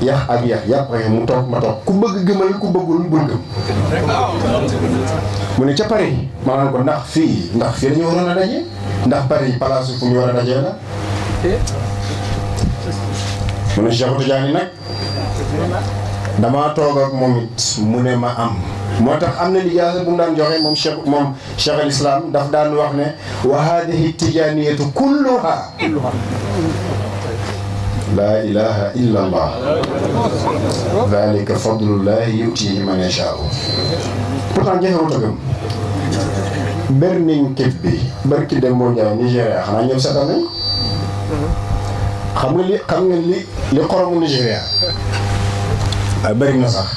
Ya yax ya, ak yax yàppay mu tok ma tok ku bëgg gëmal ku bëggul bu gëm mu ne ca pare ma naan ko ndax fi ndax fi ñu wara dajé ndax pare place fu ñu wara dajé daje la mu ne Cheikh jani nak dama tok ak momit mu ne ma am motax amna li na bu ndam joxe Cheikh mom Cheikh al Islam daf daan wax ne wa hadhihi tijaniyatu kulluha laa ilaha illa allah dalika fadlullahi yutihi man yashaau pourtant jafewut a gëm Burning Kip bi barki dem boo jaay Nigéria xanaa ñoom seetal nañ xam nga li xam nga li li xoromu Nigéria bëri na sax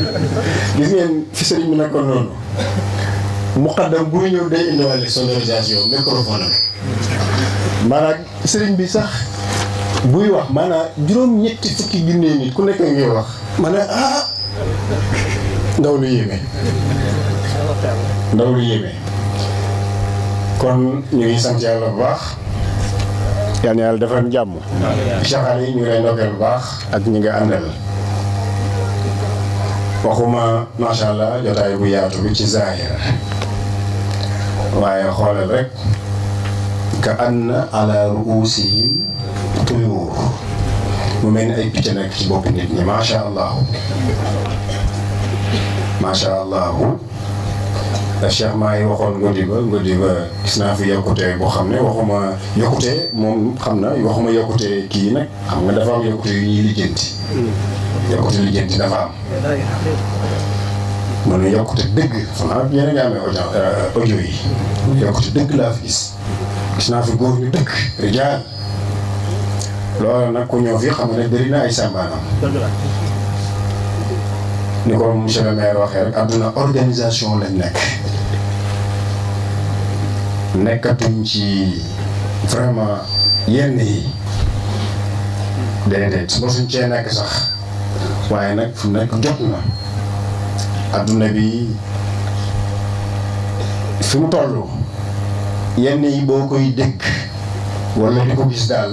gis ngeen fi sëriñ bi nekkoon noonu muqaddam bu ñëw day indiwale sonorisation microphone am maanaam sëriñ bi sax buy wax maanaam juróom-ñetti fukki junne nit ku nekk ngi wax ma ne ah ndaw lu yéeme ndaw lu yéeme kon ñu ngi sant yàlla bu baax yal yàlla defal jàmm saxaar yi ñu ngi lay ndokkeel baax ak ñi nga àndal waxuma macha allah jotaay bu yaatu bi ci zaahir waaye xoolal rek ka ann ala ruusihim mu mel ni ay picc nekk ci bopp nit ñi macha allah macha allah Cheikh maa waxoon ngodi ba ngodi ba gis naa fi yokkute boo xam ne waxuma yokkute moom xam na waxuma yokkute kii nag xam nga dafa am yokkute yu ñuy lijjanti. yokkute lijjanti dafa am. man yokkute dëgg xanaa yéen a amee euh, audio yi. yokkute dëgg laa fi gis. gis naa fi góor ñu dëgg rijaal loolu nag ku ñëw fi xam ne bëri na ay sàmbaanam ni ko monsieur le maire waxee rek àdduna organisation lañ nekk nekkatuñ ci vraiment yenn yi déedéet mosuñ cee nekk sax waaye nag fu nekk jot na àdduna bi fi mu toll yenn yi boo koy dégg wala di ko gis daal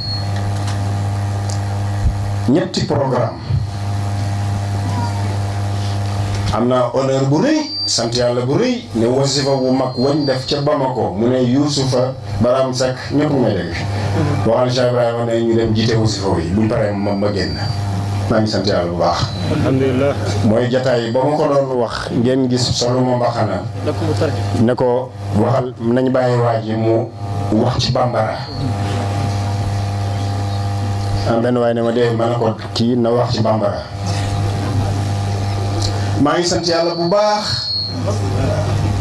ñetti programme am naa honneur bu rëy sant yàlla bu rëy ne wasifa bu mag wañ def ca Bamako mu ne Youssoufa Baram Seck ñëpp may dégg waxal Cheikh dem jiite wasifa yi buñ paree moom ma génn maa ngi sant bu baax alhamdulilah mooy jataay ba ma ko doon wax ngeen gis solo ma mbaxana ne ko waxal nañ bàyyi waaj yi mu wax ci bambara ben way ne ma dee ma ko ci na wax ci bambara ma ngi sant yalla bu baax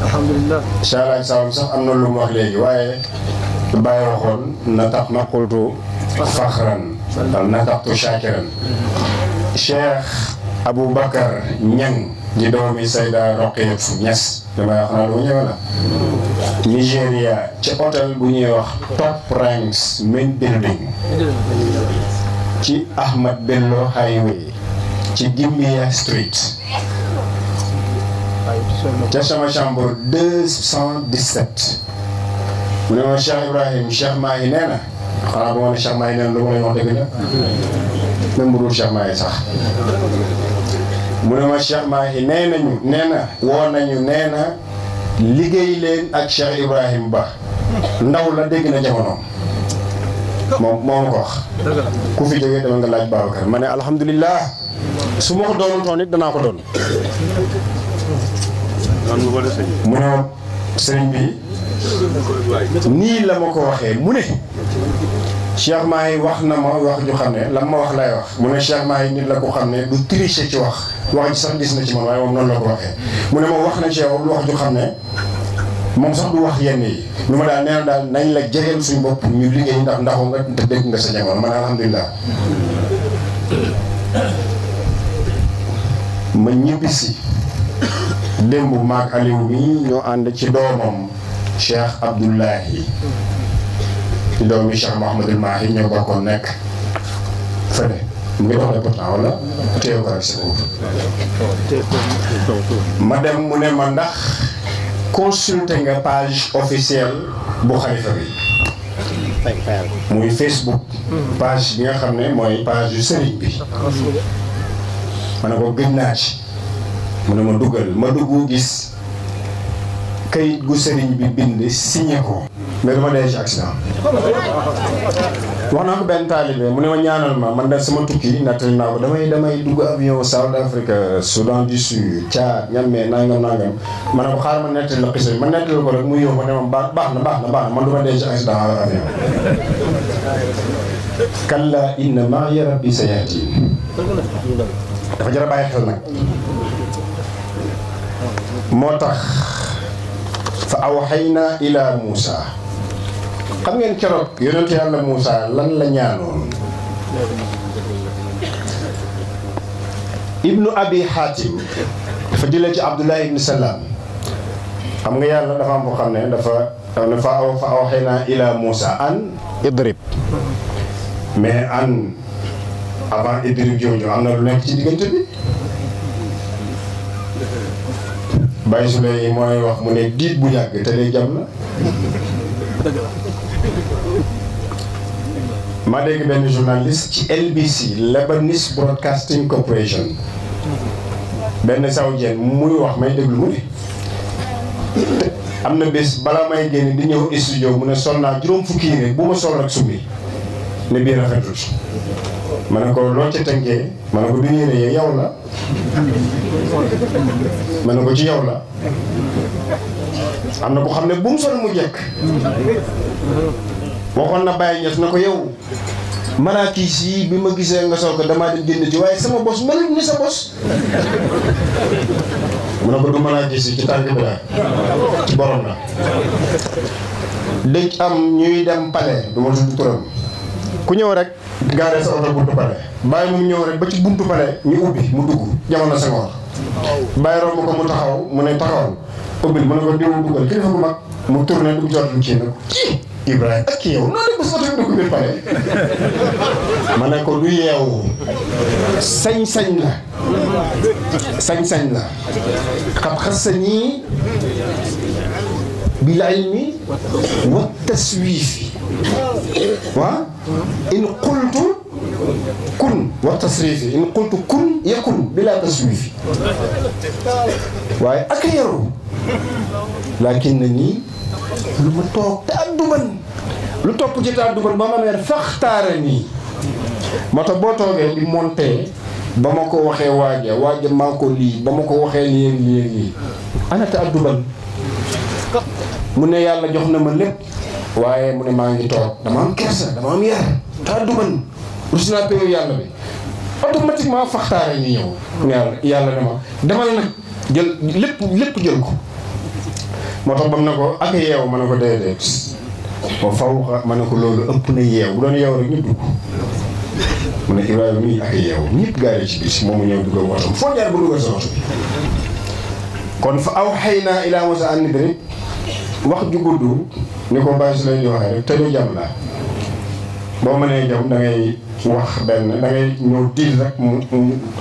alhamdulilah chalaaj sawam sax amna lu mu wax legi waye baye waxon na tax ma fakhran dal na taxtu shakiran cheikh bakkar ñang di doomi sayda roqiyat ñess dama wax lu ñewala Nigéria ci hôtel bu ñuy wax Top Ranks main building ci Ahmad Bello highway ci Gimbiya street ca sama chambre 217 mu ne ma Cheikh Ibrahim Cheikh Mahi nee na xanaa ma ne Cheikh Mahi nee lu ma lay wax dëgg la mu ne ma Cheikh Mahi nee nañu woo nañu nee liggéey leen ak Cheikh Ibrahima Ba ndaw la dégg na jamono moom moo ma ko wax ku fi jógee dama nga laaj Babacar ma ne alhamdulillah su ma ko doonul toon danaa ko doon mu ne sëriñ bi nii la ma ko waxee mu ne Cheikh Mahi wax na ma wax ju xam ne lan ma wax lay wax mu ne Cheikh Mahi nit la ko xam ne du tricher ci wax wax ji sax gis na ci man waaye moom noonu la ko waxee mu ne ma wax na ci yow lu wax ju xam ne moom sax du wax yenn yi lu ma daal nee na daal nañ la jegeel suñ bopp ñu liggéey ndax ndaxu nga te dégg nga sa jamono man alhamdulilah ma ñibbisi démb maag Aliou mi ñoo ànd ci doomam Cheikh Abdoulahi ci doomi Cheikh Mouhamadul Mahi ñoo bokkoon nekk fële mu ngi dox de pourtant wala téew ko rek sa ma dem mu ne ma ndax consulté nga page officielle bu xalifa bi muy Facebook page bi nga xam ne mooy page yu sëriñ bi ma ne ko gëj naa ci mu ne ma dugal ma dugg gis kayit gu sëriñ bi bind signé ko mais dama dee ci accident wax naa ko benn taalibe mu ne ma ñaanal ma man def sama tukki nettali naa ko damay damay dugg avion South Africa Soudan du Sud Tchad ñammee nangam nangam ma ne ko xaaral ma nettali la xisa ma nettali ko rek mu yóbbu ma ne ma baax na baax na baax na man dama dee ci accident avion kalla inna ma'iya rabbi sayahdi dafa jar a bàyyi xel nag moo tax fa awxayna ila Muusa xam ngeen keroog yonent yàlla Moussa lan la ñaanoon ibnu abi xaatim dafa jëlee ci abdullah ibnu salaam xam nga yàlla dafa am boo xam ne dafa dafa aw fa awxee naa ila Moussa an idrib mais an avant idrib jooju am na lu nekk ci diggante bi Baye Souley mooy wax mu ne diit bu yàgg te lay jam na ma dégg benn journaliste ci LBC Lebanese Broadcasting Corporation benn saoudien muy wax may déglu mu ne am na bés balaa may génn di ñëw studio mu ne sol naa juróom fukki yére bu ma sol ak summi ne bii rafetul ma ne ko loo ca tënkee ma ne ko du yére yee yow la ma ne ko ci yow la am na ko xam ne bu mu sol mu jekk waxon na Baye ñess nako yow maraakis ki ci bima gisee nga sol ko damaa dem jënd ci waaye sama bos melut ni sa boss mu bëgg ko ki ci ci tànk bi la ci borom la dëj am ñuy dem palé du ma tudd turam ku ñëw rek garé sa auto buntu palé Baye mu ñëw rek ba ci buntu palé ñu ubbi mu dugg jamono sa ngoor Baye rom ko mu taxaw mu ne taxaw ubbil mu ne ko diw duggal kilifa bu mag mu tourner du jott ci nak Ibrahima ak yow noo def ba sa oto dugg biir pare ma ne ko du yeewu sañ-sañ la sañ-sañ la xat xasanii bil ilmi wa taswiifi waa in qultu kun wa tasriifi in qultu kun yakun bila taswiifi waaye ak yaru lakin nii lu mu toog te lu topp ci te ak du mën ba ma meer faxtaara nii moo tax boo toogee di monté ba ma ko waxee waaja waaja maa ko lii ba ma ko waxee nii nii nii ana te mu ne yàlla jox na ma lépp waaye mu ne maa ngi toog dama am kersa dama am yar te ak du yàlla bi automatiquement faxtaara ñi ñëw yàlla yàlla dama demal nag jël lépp lépp jël ko moo tax bam na ko ak yeew ma ne ko déedéet ba faw ma ne ko loolu ëpp na yeew bu doon yeew rek ñu dugg mu ne Ibrahima mii ak yeew ñëpp gaare ci biir moom mu ñëw dugal waxtam foo jaar ba dugal sa kon fa aw xëy naa ilaa Musaa an idrib wax ju gudd ni ko bàyyi si lañ di waxee rek te du jam la boo mënee jam da ngay wax benn da ñëw tiil rek mu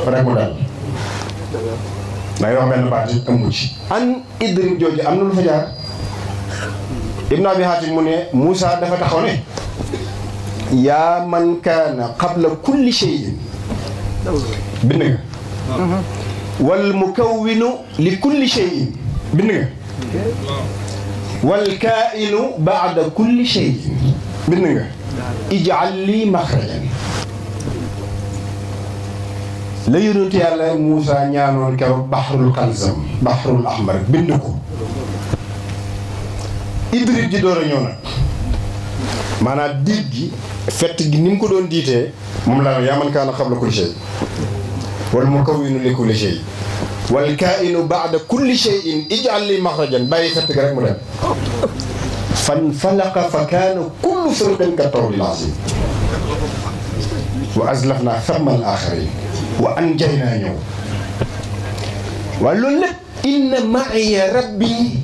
rek mu dal day wax benn baat it ëmb ci. an idrib jooju am na lu fa jaar Ibn Abi Hatim mu ne Moussa dafa taxaw ne. yaa man kaana qabla kulli shay'in. bind nga. wal mukawwinu li kulli shay'in bind nga. wal kaa'inu ba'da kulli shay'in bind nga. ij'al lii maxrajan la yonent yàlla Moussa ñaanoon keroog baxrul kalzam baxrul ahmar bind ko Idrit ji door a ñëw nag maanaam diit gi fett gi ni mu ko doon diitee moom laa yaa man kaana qabla kulli shay wal mukawwinu li kulli shay wal kaa'inu ba'da kulli shay'in ij'al li maxrajan bàyyi fett gi rek mu dem fan falaqa fa kaana kullu firqin ka tawdil azim wa azlafna thamma al-aaxirin waa an jay naa ñëw waaye loolu lépp inna maaya rabbi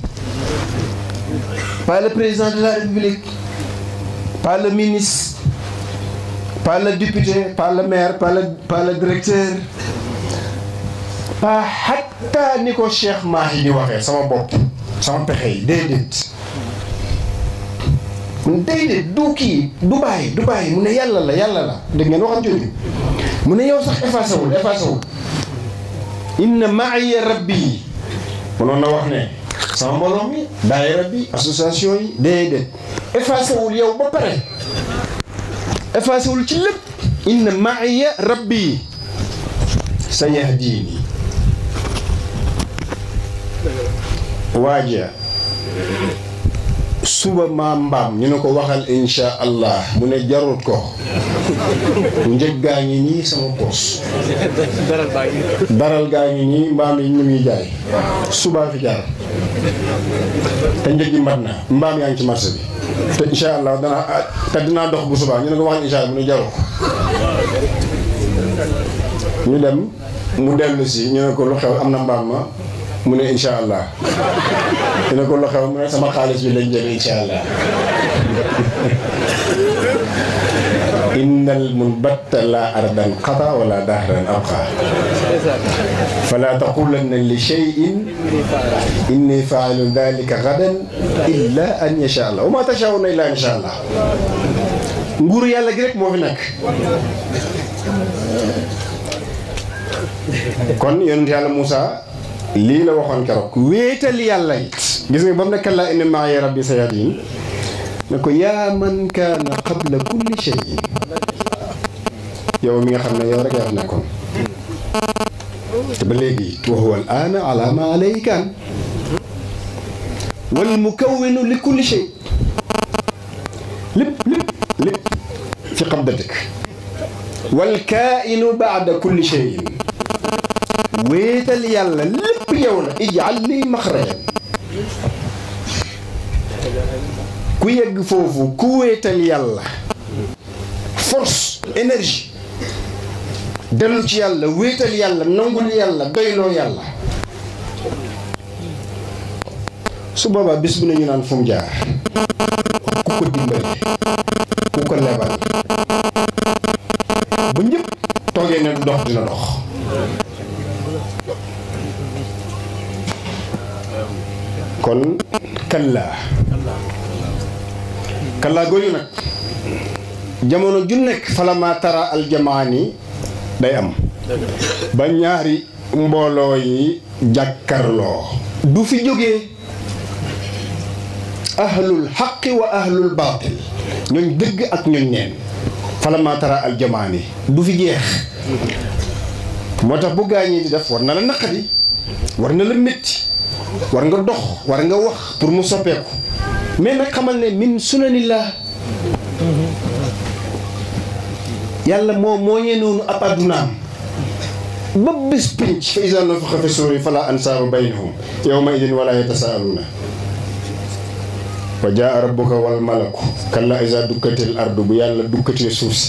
pas le président de la république pas le ministre pas le député pas le maire pas le pas le directeur pas xatta ni ko Cheikh yi di waxee sama bopp sama pexe yi déedéet déedéet du kii du bàyyi du bàyyi mu ne yàlla la yàlla la dégg ngeen waxam jooju من يوم صح افاسو افاسو ان معي ربي من انا وحنا سامبولومي داي ربي اسوسياسيون دي دي افاسو اليوم بره افاسو الكلب ان معي ربي سيهديني واجه سوبا مام بام نينكو واخال ان شاء الله من جارول كو njëg gaa ngi nii sama poos daral gaa ngi nii mbaam yi ñu ngi jaay subaa fi jaar te njëg yi mat na mbaam yaa ngi ci marché bi te incha allah danaa ah, te dinaa dox bu subaa ñu ne ko wax incha allah mu ne ko ñu dem mu dellu si ko lu xew am na mbaam ma mu ne incha allah ñu ne ko lu xew mu ne sama xaalis bi lañ jël incha allah ان المنبت لا اردا قطع ولا دهرا أبقى فلا تقولن لشيء إني فاعل ذلك غدا إلا أن يشاء الله وما تشاءون إلا إن شاء الله نقول يا مو هناك كون يونت يالا موسى لي لا وخون كرو ويتال يالا غيس بام نك لا ان ما يا ربي سيادين نكو يا من كان قبل كل شيء يوم يخرنا رجع يخرناكم طيب تبلغي وهو الآن على ما عليه كان والمكون لكل شيء لب لب لب في قبضتك والكائن بعد كل شيء ويتل يلا لب يونا اجعل لي مخرجا ku yegg foofu ku wéetal yàlla force énergie dellu ci yàlla wéetal yàlla nangul yàlla doyloo yàlla su boobaa bis bu ne naan fu mu jaar ku ko dimbale ku ko lebal bu ñëpp toogee ne dox dina dox kon kallaa kala gooyu nak jamono ju fala ma tara aljamaani day am ba ñaari mbolo yi jakarlo du fi joge ahlul haqq wa ahlul batil ñun deug ak ñooñ neen ma tara aljamaani du fi jeex motax bu gañi di def war na la nakati war na la metti war nga dox war nga wax pour mu mais nag xamal ne min sunanillah yàlla moo mooñee noonu ab addunaam ba bis pinc fa iza nufixa fi suuri fala ansaabu baynahum yawma idin wala yatasaaluuna wa jaa rabbuka wal malaku kalla iza dukkatil ardu bu yàlla dukkatee suuf si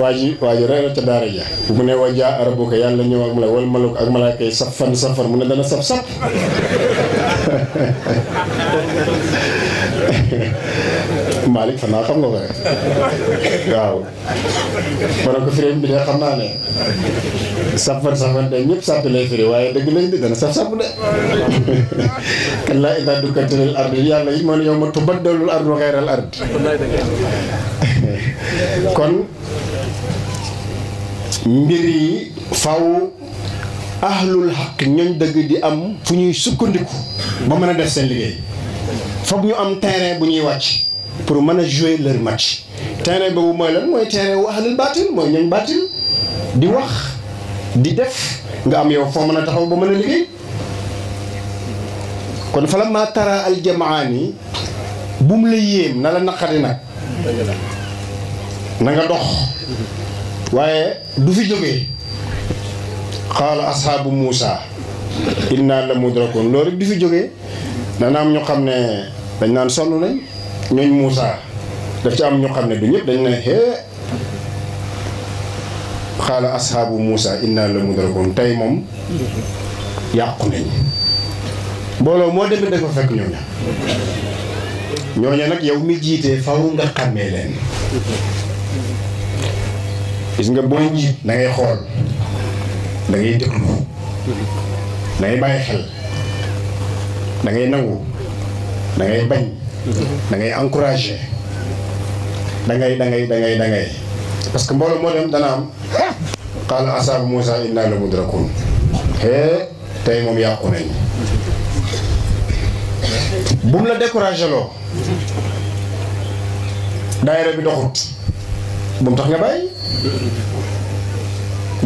waa ji waa ji reer ca daara ja bu mu ne wa jaa yàlla ñëw ak la wal malaku ak malaaka yi safan safan mu ne dana saf saf Malick fan xam nga ko rek waaw ma ne ko firim bi de xam naa ne safar safar de ñëpp sàpp lay firi waaye dëgg lañ di dana saf sàpp de kallaa idaa dukkatil ard yàlla yi moo ne yow ma tubaddalul ardu xayral ard kon mbir faw ahlul xaq ñooñ dëgg di am fu ñuy sukkandiku ba mën a def seen liggéey foog ñu am terrain bu ñuy wàcc pour mën a jouer leur match terrain boobu mooy lan mooy tere wu ahlul baatil mooy ñooñ baatil di wax di def nga am yow foo mën a taxaw ba mën a liggéey kon fa la maa tara aljamaani bu mu la yéem na la naqari nag na nga dox waaye du fi jógee xaala ashaabu Muusa inna la mudrakoon loolu rek di fi jógee dana am ñu xam ne dañ naan sonn nañ ñooñ Muusa daf ci am ñu xam ne du ñëpp dañ ne hee xaala ashaabu Muusa inna la mudrakoon tey moom yàqu nañ mbooloo moo demee dafa fekk ñooña ñooña nag yow mi jiitee faw nga xàmmee leen gis nga booy jiit da xool da ngay déglu da ngay bàyyi xel da ngay nangu da ngay bañ da ngay encouragé da ngay da ngay da parce que mbooloo moo dem dana am qaala asaabu Moussa inna la mudrakun hee tey moom yàqu nañ bu mu la découragé loo daayira bi doxut bu mu tax nga bàyyi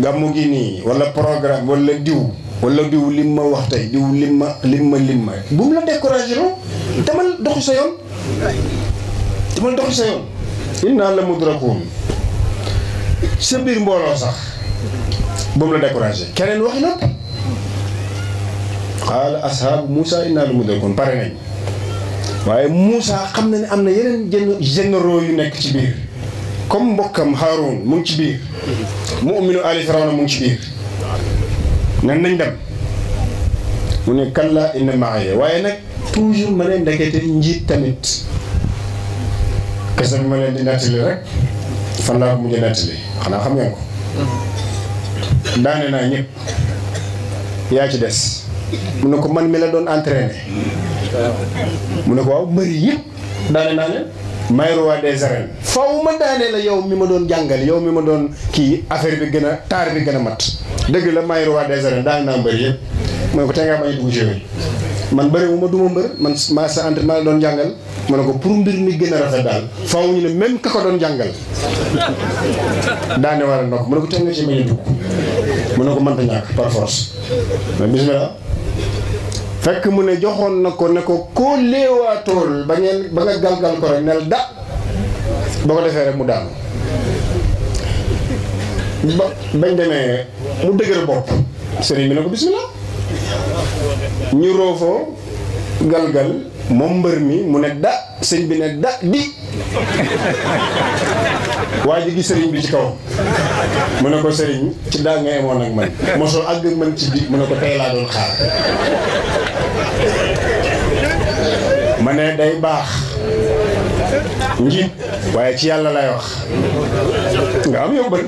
gàmmu gi nii wala programme wala diw walla diw lim ma wax tey diw lim ma lim ma lim ma bu mu la découragé loo demal doxi sa yoon demal doxi sa yoon inna la mudrakuun sa biir mbooloo sax bu mu la découragé keneen waxi nopp qaala ashaabu Moussa inna la mudrakuun pare nañ waaye Moussa xam na ne am na yeneen généraux yu nekk ci biir comme mbokkam Haarun mu ngi ci biir mu'minu ali firawna mu ngi ci biir nan nañ dem mu ne kalla inna maaya waaye nag toujours ma ne ndekete njiit tamit kese bi ma leen di nettali rek fan laa ko mujj nettali xanaa xam ngeen ko daane naa ñëpp yaa ci des mu ne ko man mi la doon entraîné mu ne ko waaw mbëri yëpp daane naa leen may roi des arènes faw ma daanee la yow mi ma doon jàngal yow mi ma doon kii affaire bi gën a taar bi gën a mat dëgg la may roi des arènes daan naa mbëri yëpp mooy ko tey ngaa bañ a dugg man bëri wu du ma mbër man maa sa entraînement la doon jàngal mu ne ko pour mbir mi gën a rafet daal faw ñu ne même ka ko doon jàngal daane war a nokk ma ne ko te nga ci bañ a dugg ne ko mënta ñàkk par force mais fekk mu ne joxoon na ko ne ko koo léewaatool ba ngeen ba nga galgal ko rek nel da ba ko defee rek mu daanu ba bañ demee mu dëgër bopp sëriñ bi ne ko bismillah ñu roofoo galgal moom mbër mi mu ne da sëñ bi ne da di waa ji gi sëriñ bi ci kaw mu ne ko sëriñ ci daa nga emoon ak man mosoo àgg man ci bi mu ne ko tey laa doon xaar ma ne day baax njiit waaye ci yàlla lay wax nga am yóbbal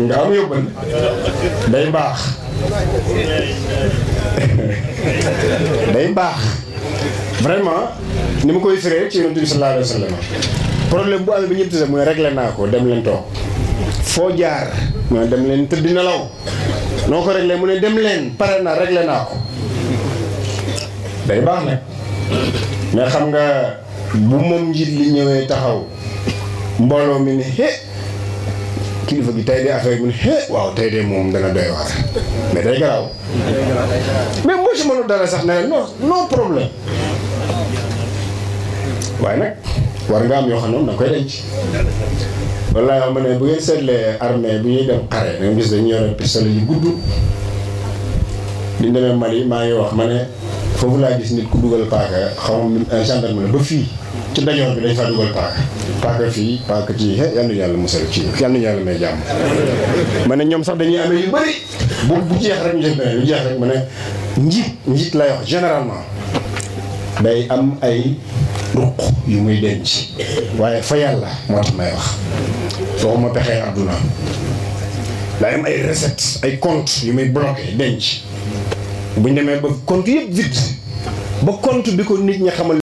nga am yóbbal day baax day baax vraiment ni ma koy firee ci yonent bi sallallahu alayhi problème bu amee bi ñëpp tise mooy réglé naa ko dem leen toog foo jaar mu ne dem leen tëdd nelaw noo ko réglé mu ne dem pare naa réglé naa ko day baax na mais xam nga bu moom njiit li ñëwee taxaw mbooloo mi ne xé kilifa gi tey de affaire mu ne xé waaw tey de moom dana doy waar mais day garaaw mais moo si mënu dara sax ne non non problème waaye nag war nga am yoo xam ne moom koy denc wallaay xam ne bu ngeen seetlee armée bu ñuy dem xare da gis dañu yore pistolet yu gudd li ñu demee Mali maa ngi wax ma ne foofu laa gis nit ku dugal paaka xaw ma gendarme la ba fii ci ndajoor bi dañ faa dugal paaka paaka fii paaka ci he eh, yal nañu yàlla musal ci yal nañu yàlla may jàmm ma ne ñoom sax dañuy amee yu bëri bu bu jeex rek ñu jeex rek ma ne njiit njiit lay wax généralement day am ay ruq yu muy denc waaye fa yàlla moo tax may wax waxuma pexe àdduna day am ay recette ay compte yu muy bloqué denc bu ñu demee ba compte yëpp vide ba compte bi ko nit ñi xamal